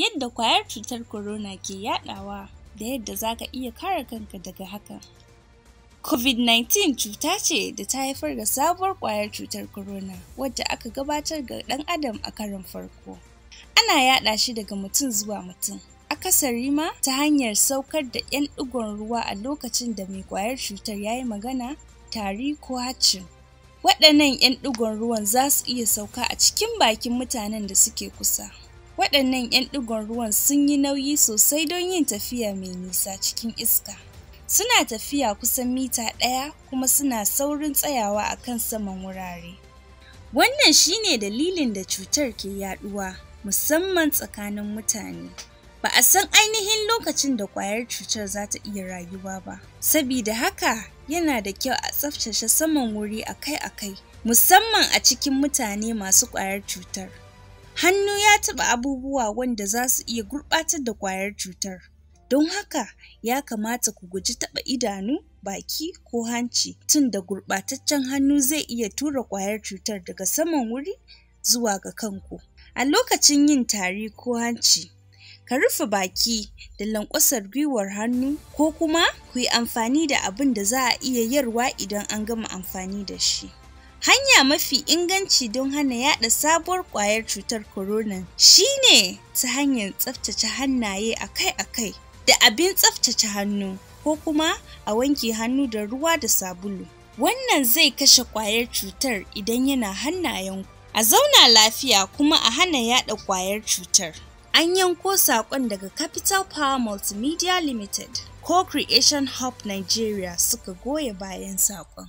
yadda kwayar cutar corona ke yadawa da yadda za ka iya kare kanka daga haka. COVID-19 cuta ce da ta haifar da sabuwar kwayar cutar corona wadda aka gabatar ga ɗan adam a karin farko. Ana yada shi daga mutum zuwa mutum. Akasari ma ta hanyar saukar da 'yan ɗigon ruwa a lokacin da mai kwayar cutar ya yi magana, tari ko hacin. Waɗannan 'yan ɗigon ruwan za su iya sauka a cikin bakin mutanen da suke kusa. Waɗannan 'yan ɗigon ruwan sun yi nauyi sosai don yin tafiya mai nisa cikin iska. Suna tafiya kusan mita ɗaya kuma suna saurin tsayawa a kan saman wurare. Wannan shi ne dalilin da cutar ke yaɗuwa, musamman tsakanin mutane. ba a san ainihin lokacin da ƙwayar cutar za ta iya rayuwa ba. Sabida haka yana da kyau a tsaftace saman wuri akai-akai, musamman a cikin mutane masu ƙwayar cutar. hannu ya taɓa abubuwa wanda za su iya gurɓatar da ƙwayar cutar don haka ya kamata ku guji taɓa idanu baki ko hanci tun da gurɓataccen hannu zai iya tura ƙwayar cutar daga saman wuri zuwa ga kanku a lokacin yin tari ko hanci ka rufe baki da lankwasar gwiwar hannu ko kuma ku yi amfani da abin da za a iya yarwa idan an gama amfani da shi Hanya mafi inganci don hana yada sabuwar kwayar cutar corona shine ta hanyar tsaftace hannaye akai-akai da abin tsaftace hannu ko kuma a wanke hannu da ruwa da sabulu. Wannan zai kashe kwayar cutar idan yana hannayenku. A zauna lafiya kuma a hana yada kwayar cutar. An yanko saƙon daga Capital Power Multimedia Limited ko Creation Hub Nigeria suka goya bayan saƙon.